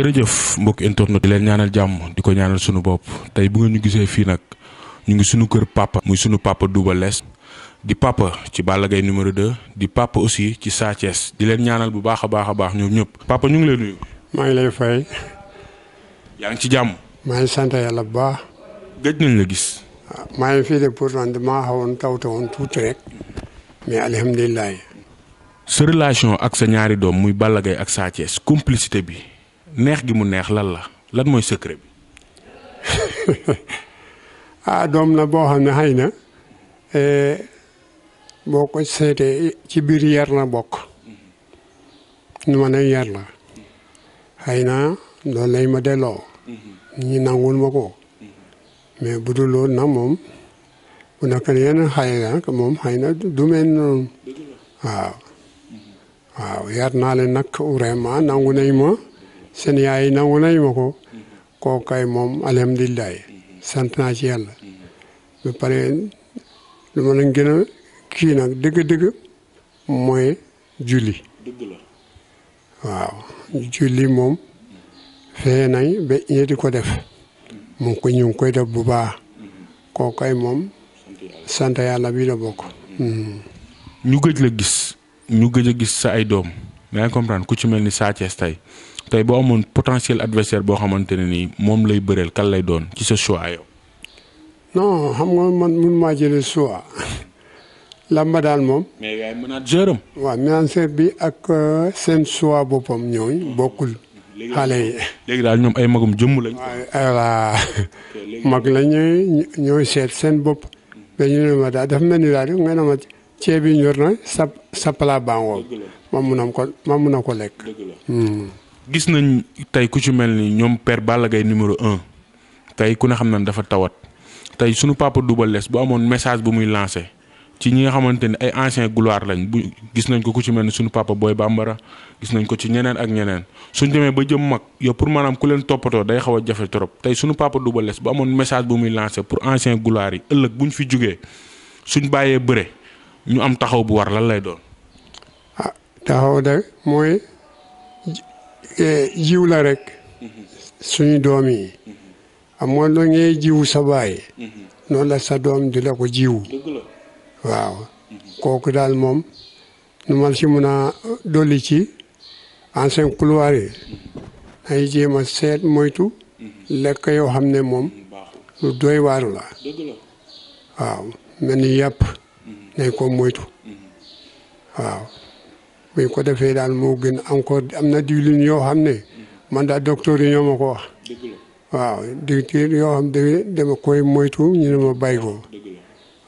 jërëjëf mbokk internet di leen ñaanal jàmm di ko ñaanal sunu bopp tey bu ngeen ñu gisee fii nag ñu ngi sunu kër papa muy sunu papa Double Less di papa ci Balla Gaye numéro 2 di papa aussi ci Sa di leen ñaanal bu baax a baax a baax ñoom ñëpp papa ñu ngi lay nuyu. maa ngi lay fay. yaa ngi ci jàmm. maa ngi sant yàlla bu baax. gëj nañ la gis. Ah, maa ngi fii de pourtant damaa xawoon tawtawoon tuuti rek. mais alhamdulilah. sa relation ak sa ñaari doom muy Balla Gaye ak Sa complicité bi. neex gi mu neex lan la lan mooy secret bi. ah doom la boo xam ne xëy na eh, boo ko seetee ci biir yar la bokk nu ma yar la xëy na loolu ma delloo. ñu nangul ma ko. mais bu dul loolu na moom bu nekk yenn xëy na moom xëy na du mel noonu waaw. waaw yar naa leen nag vraiment nangu nañ ma. seen yaay yi nangu nañ ma ko kooku moom alhamdulilah sant naa ci yàlla ba pare lu ma leen gën kii nag dëgg-dëgg mooy julli waaw julli moom fexe nañ ba ñi di ko def mu ko ñu koy def bu baax kooku moom sant yàlla bi la bokk ñu gëj la gis ñu gëj a gis sa ay doom yaa ngi ku ci mel ni Sa Thiès tey tey boo amoon potentiel adversaire boo xamante ne nii moom lay bëreel kan lay doon ci sa choix yow. non xam nga man mun maa jëlee choix lamba daal moom. mais yaay manager am. bi ak euh, seen choix boppam ñooñu bokkul. xale yi léegi daal ñoom ay magum jëmm lañ. mag la ñooy seet seen bopp. mais ñu ne ma daal dafa mel ni daal nga ne ma ceeb yi ñor na sa sa plat baa ma mun a ko ma mun a ko lekk. gis nañ tey ku ci mel ni ñoom per Balla Gaye numéro un tey ku ne xam na dafa tawat tey sunu papa Double Less bu amoon message bu muy lancé ci ñi nga xamante ni ay ancien gloire lañ bu gis nañ ko ku ci mel ni sunu papa Boy Bambara gis nañ ko ci ñeneen ak ñeneen suñ demee ba jëm mag yow pour maanaam ku leen toppatoo day xaw a jafe trop tey suñu papa Double Less bu amoon message bu muy lancé pour ancien gloire yi ëllëg bu ñu fi jógee suñ bàyyee bëre ñu am taxaw bu war lan lay doon. Ah, jiw la rek suñu doom yi amoon na ngay jiw sa sa doom di la ko jiw waaw kooku daal moom nu mal si mun a dolli ci ancien couloir yi dañuy jéem a seet moytu lekk yoo xam ne moom lu doy waaw mel ni yàpp mm-hmm. nañ ko moytu mm-hmm. waaw bu ñu ko defee daal moo gën encore am na diwlin yoo xam ne man daal docteur yi ñoo ma ko wax. waaw diwlin yoo xam ne dama koy moytu ñu ne ma bàyyi ko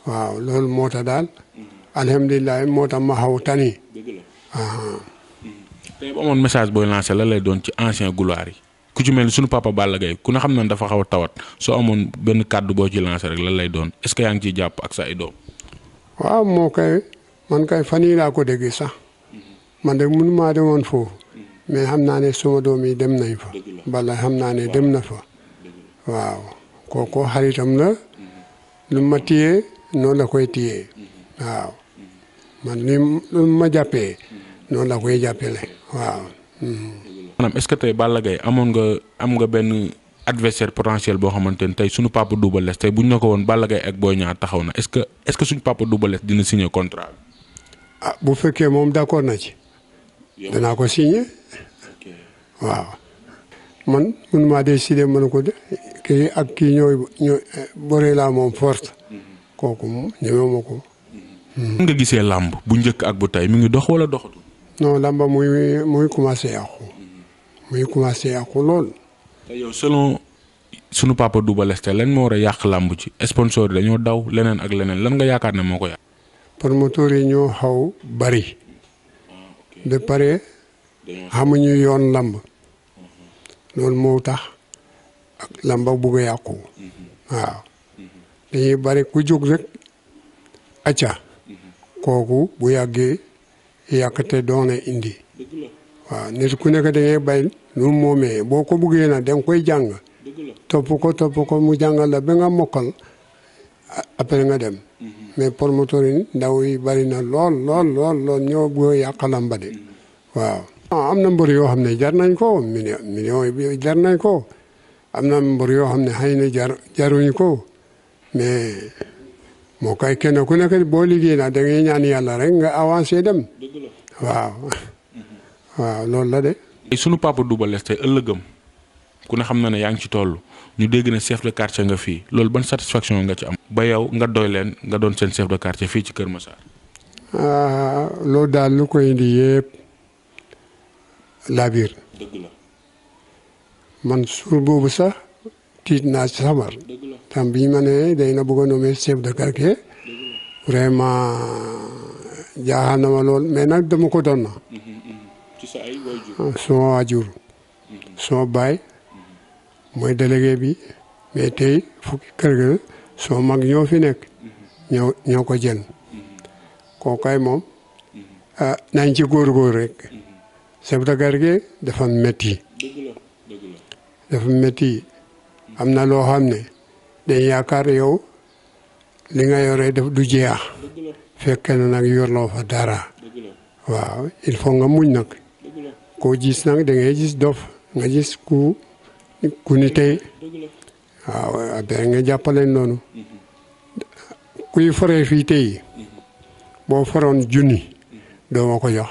waaw loolu moo tax daal. alhamdulilah moo tax ma xaw tani. Mm-hmm. tey bu amoon message booy lancé la lay doon ci ancien gloire yi. ku ci mel ni sunu papa Balla ku ne xam na dafa xaw a tawat soo amoon benn kàddu boo ci lancé rek lan lay doon est que yaa ngi ciy jàpp ak sa ay doom. waaw moo koy man kay fan yii laa man de mënu maa demoon foofu mm. mais xam naa ne suma doom yi dem nañ fa bala xam naa ne dem na fa waaw kooku xaritam la mm-hmm. lu ma téye noonu la koy téye mm-hmm. waaw mm-hmm. man li lu ma jàppee noonu la koy jàppale waaw. maanaam est-ce que tey Balla amoon nga am nga benn adversaire potentiel boo xamante ne tey suñu papa Double Less tey bu ñu ne ko woon Balla Gaye ak Boy Niang taxaw na est-ce que est-ce que suñu papa Double Less dina signer contrat ah bu fekkee moom d'accord na ci. danaa ko signé waaw man mënumaa décider mën ko kii ak kii ñooy ñooy bëre laa moom force mhm. kooku moom ñeme ko. Mhm. nan nga gisee làmb bu njëkk ak bu tey mu ngi dox wala doxatul. non làmba muy muy commencé yàqu. Mhm. muy commencé yàqu lool. te yow selon sunu papa Double Less lan moo war a yàq làmb ci sponsor yi dañoo daw leneen ak leneen lan nga yaakaar ne moo ko yàq. promoteurs yi ñoo xaw bari ba pare xamuñu yoon lamb loolu moo tax lamba bugg a yàqu waaw dañuy bari ku jóg rek acca kooku bu yàggee yàqte doona indi waaw nit ku nekk da ngay bay nu moomee boo ko buggee na da nga koy jàng topp ko topp ko mu jàngal la ba nga mokkal après nga dem mais promoteur yi ndaw yi bari na lool lool lool lool ñoo bëgg yàq làmba de waaw. Ah, am na mbër yoo xam ne jar nañ ko million million yi jar nañ ko am na mbër yoo xam ne xëy na jar jaruñ ko mais moo koy kenn ku nekk boo liggéey naa da ngay ñaan yàlla rek nga avancé dem waaw waaw loolu la de. sunu papa Double Less tey ëllëgam ku ne xam na ne yaa ngi ci toll. ñu dégg na chef de quartier nga fii loolu ban satisfaction nga ci am ba yow nga doy leen nga doon seen chef de quartier fii ci Kër Massar. Ah, loolu daal lu koy indi yëpp laa biir. man suur boobu sax tiit naa ci samar. tam bi ñu ma nee day na bëgg a nommer vraiment jaaxal ma lool mais nag dama ko doon na. Mhm, mhm. ci waajur. Ah, mhm. sama baay. mooy délégué bi mais tey fukki kër ga soo mag ñoo fi nekk ñoo ko jël kookaay moom ah nañ ci góor-góor rek chef de quartier dafa métti dafa métti am na loo xam ne dañ yaakaar yow li nga yore def du jeex fekk na nag yorloo fa dara waaw il faut nga muñ nag koo gis nag da ngay gis dof nga gis ku. ku ni tey waaw da nga jàppaleen noonu kuy foree fii tey boo foroon junni doo ma ko jox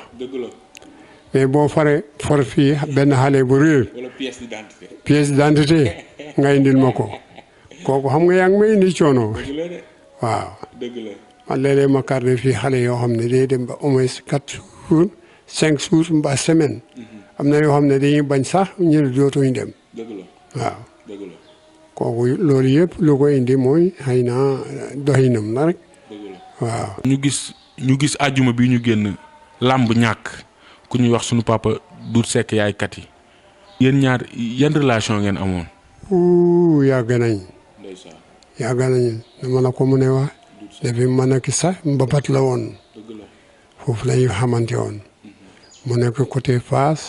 mais boo fare for fii benn xale bu réer pièce d'identité nga indil ma ko kooku xam nga yaa ngi may indi coono waaw man léeg-léeg ma carré fii xale yoo xam ne day dem ba au moins quatre jours cinq jours mbaa semaine mhm. am na yoo xam ne dañuy bañ sax ñu ne dootuñ dem waaw kooku loolu yëpp lu ko indi mooy xëy na doxinam na rek waaw ñu gis ñu gis àjjuma bi ñu génn làmb ñàkk ku ñuy wax sunu papa Doudou Seck yaay kat yi yéen ñaar yan relation ngeen amoon yàgg nañ yàgg nañ dama la ko mu ne wax depuis ma nekk sax mbapat la woon foofu la ñu xamante woon mhm. mu nekk côté Fass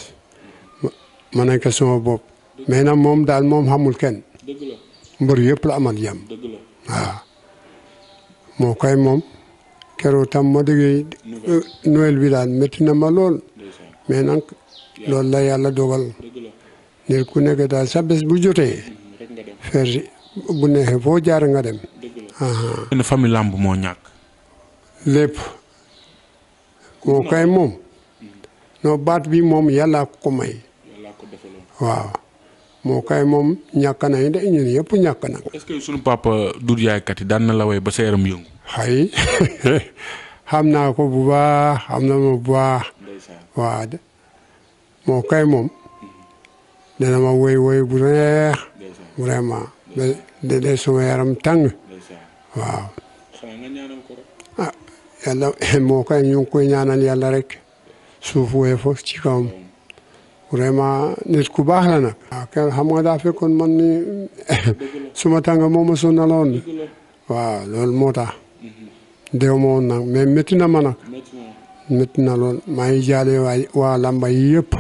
ma nekk suma bopp mais nag moom daal moom xamul kenn. dëgg mbër yëpp la amal jàmm. dëgg waaw. moo koy moom keroog tam ma déggee euh, Noël bi daal métti na ma lool. mais nag loolu la yàlla dogal. nit ku nekk daal sa bés bu jotee. Mm, fer bu neexee foo jaar nga dem. benn famille moo ñàkk. lépp moo koy moom. Mm. non baat bi moom yàlla ko may. waaw moo kay moom ñàkk nañ de ñun yëpp ñàkk na. est-ce que sunu papa Doudou na la way ba sa yaram yëngu. xay xam naa ko bu baax xam na ma bu baax. waa moo kay moom. dana ma woy woy bu neex. vraiment ba de suma yaram tàng. waaw. ah yàlla moo kay ñu ngi koy ñaanal yàlla rek. suuf woyof ci kawam. vraiment nit ku baax la nag. waaw kenn nga daa fekkoon man ni suma tànga moo ma sonaloon waaw loolu moo tax. déw ma woon nag mais métti na ma nag. métti na lool maa ngi jaale waa waa lamba yi yëpp.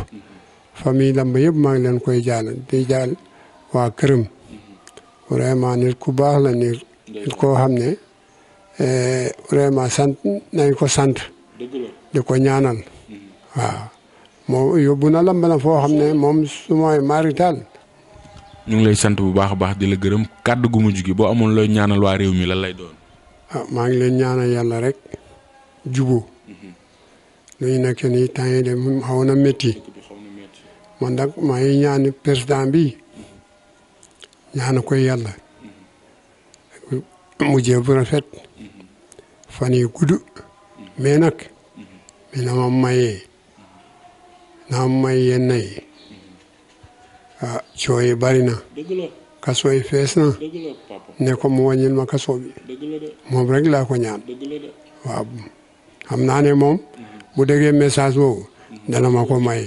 famille lamba yëpp maa ngi leen koy jaale di jaal waa këram. vraiment nit ku baax la nit. nit koo xam ne eh, vraiment sant nañ ko sant. di ko ñaanal mm-hmm. waaw. moo yóbbu na lamb foo xam ne moom su marital ñu ngi lay sant bu baax a baax di la gërëm kàdd gu mujj gi boo amoon looy ñaanal waa réew mi lan lay doon. Ah, maa ngi leen ñaanal yàlla rek jubu lu ñu nekk nii temps yi de xaw na métti man nag maa ngi ñaan président bi mm-hmm. ñaan koy yàlla mm-hmm. mujjee bu rafet mm-hmm. fan yi gudd mais nag mi na ma mayee na may yenn yi ah coow yi bari na kaso yi fees na ne ko mu wàññil ma kaso bi moom rek laa ko ñaan waaw xam naa ne moom bu déggee message boobu dana ma ko may